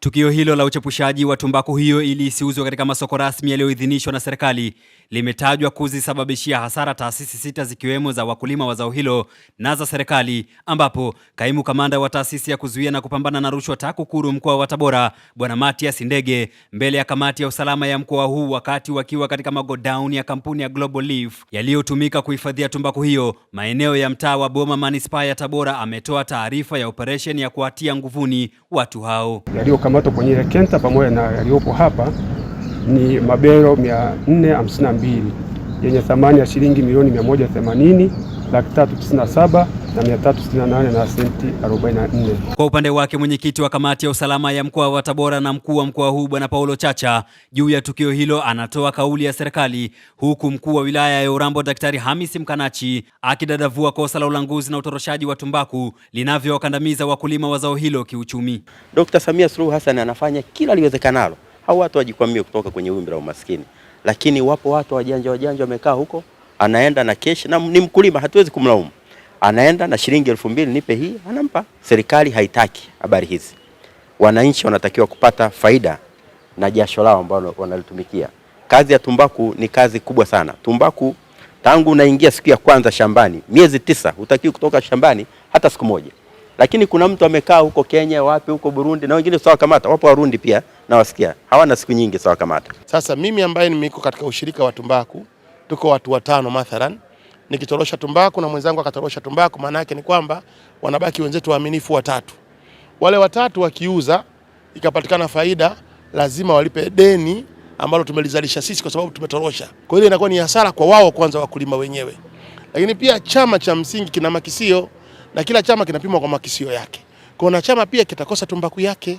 Tukio hilo la uchepushaji wa tumbaku hiyo ili isiuzwe katika masoko rasmi yaliyoidhinishwa na serikali limetajwa kuzisababishia hasara taasisi sita zikiwemo za wakulima wa zao hilo na za serikali, ambapo kaimu kamanda wa taasisi ya kuzuia na kupambana na rushwa TAKUKURU mkoa wa Tabora, Bwana Matias Ndege, mbele ya kamati ya usalama ya mkoa huu wakati wakiwa katika magodown ya kampuni ya Global Leaf yaliyotumika kuhifadhia tumbaku hiyo maeneo ya mtaa wa Boma, manispaa ya Tabora, ametoa taarifa ya operesheni ya kuwatia nguvuni watu hao yaliyokamatwa kwenye ile kenta pamoja na yaliyopo hapa ni mabero 452 yenye thamani ya shilingi milioni 180 laki 397 na 368 na senti 44. Kwa upande wake mwenyekiti wa kamati ya usalama ya mkoa wa Tabora na mkuu wa mkoa huu Bwana Paulo Chacha juu ya tukio hilo anatoa kauli ya serikali, huku mkuu wa wilaya ya Urambo Daktari Hamisi Mkanachi akidadavua kosa la ulanguzi na utoroshaji wa tumbaku linavyowakandamiza wakulima wa zao hilo kiuchumi. Dr. Samia Suluhu Hassan anafanya kila liwezekanalo hao watu wajikwamie kutoka kwenye wimbi la umaskini, lakini wapo watu wajanja wajanja wamekaa huko, anaenda na keshi na ni mkulima, hatuwezi kumlaumu anaenda na shilingi elfu mbili nipe hii, anampa. Serikali haitaki habari hizi. Wananchi wanatakiwa kupata faida na jasho lao ambalo wanalitumikia. Kazi ya tumbaku ni kazi kubwa sana. Tumbaku tangu unaingia siku ya kwanza shambani, miezi tisa hutakiwi kutoka shambani hata siku moja, lakini kuna mtu amekaa huko Kenya, wapi huko Burundi, na wengine sawa kamata, wapo Warundi pia na wasikia hawana siku nyingi sawa kamata. Sasa mimi ambaye niko katika ushirika wa tumbaku, tuko watu watano mathalan nikitorosha tumbaku na mwenzangu akatorosha tumbaku, maana yake ni kwamba wanabaki wenzetu waaminifu watatu. Wale watatu wakiuza ikapatikana faida, lazima walipe deni ambalo tumelizalisha sisi kwa sababu tumetorosha. Kwa hiyo inakuwa ni hasara kwa wao kwanza, wakulima wenyewe, lakini pia chama cha msingi kina makisio na kila chama kinapimwa kwa makisio yake. Kwa hiyo chama pia kitakosa tumbaku yake.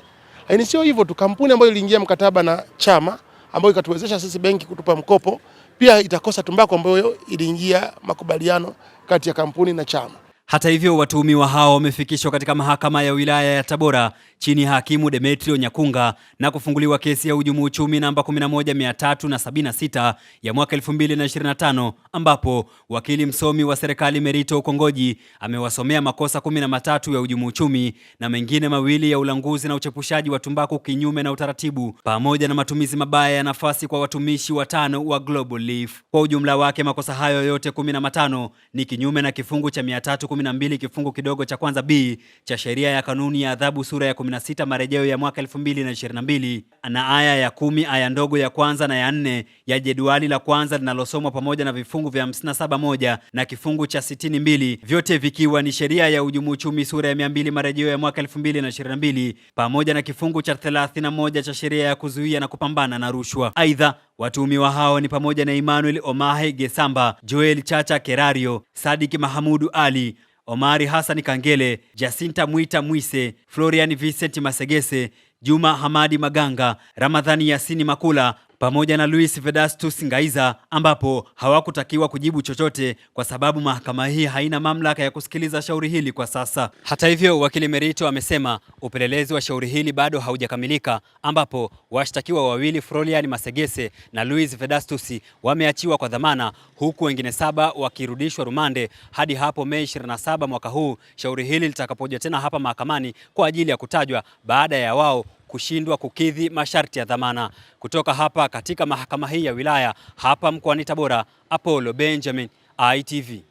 Lakini sio hivyo tu, kampuni ambayo iliingia mkataba na chama ambayo ikatuwezesha sisi benki kutupa mkopo pia itakosa tumbaku ambayo iliingia makubaliano kati ya kampuni na chama. Hata hivyo, watuhumiwa hao wamefikishwa katika mahakama ya wilaya ya Tabora chini ya hakimu Demetrio Nyakunga na kufunguliwa kesi ya hujumu uchumi namba 11376 ya mwaka 2025 ambapo wakili msomi wa serikali Merito Ukongoji amewasomea makosa 13 ya hujumu uchumi na mengine mawili ya ulanguzi na uchepushaji wa tumbaku kinyume na utaratibu pamoja na matumizi mabaya ya nafasi kwa watumishi watano wa Global Leaf. Kwa ujumla wake makosa hayo yote 15 na ni kinyume na kifungu cha 3 12 kifungu kidogo cha kwanza b cha sheria ya kanuni ya adhabu sura ya 16 marejeo ya mwaka 2022 na aya ya kumi aya ndogo ya kwanza na ya nne ya jedwali la kwanza linalosomwa pamoja na vifungu vya 571 moja na kifungu cha 62 vyote vikiwa ni sheria ya ujumu uchumi sura ya 200 marejeo ya mwaka 2022 pamoja na kifungu cha 31 cha sheria ya kuzuia na kupambana na rushwa. Aidha, watuhumiwa hao ni pamoja na Emmanuel Omahe Gesamba, Joel Chacha Kerario, Sadiki Mahamudu Ali Omari Hassan Kangele, Jacinta Mwita Mwise, Florian Vincent Masegese, Juma Hamadi Maganga, Ramadhani Yasini Makula pamoja na Luis Vedastus Ngaiza ambapo hawakutakiwa kujibu chochote kwa sababu mahakama hii haina mamlaka ya kusikiliza shauri hili kwa sasa. Hata hivyo, wakili Merito amesema upelelezi wa shauri hili bado haujakamilika ambapo washtakiwa wawili Frolian Masegese na Luis Vedastus wameachiwa kwa dhamana huku wengine saba wakirudishwa rumande hadi hapo Mei 27 mwaka huu shauri hili litakapoja tena hapa mahakamani kwa ajili ya kutajwa baada ya wao kushindwa kukidhi masharti ya dhamana. Kutoka hapa katika mahakama hii ya wilaya hapa mkoani Tabora, Apollo Benjamin, ITV.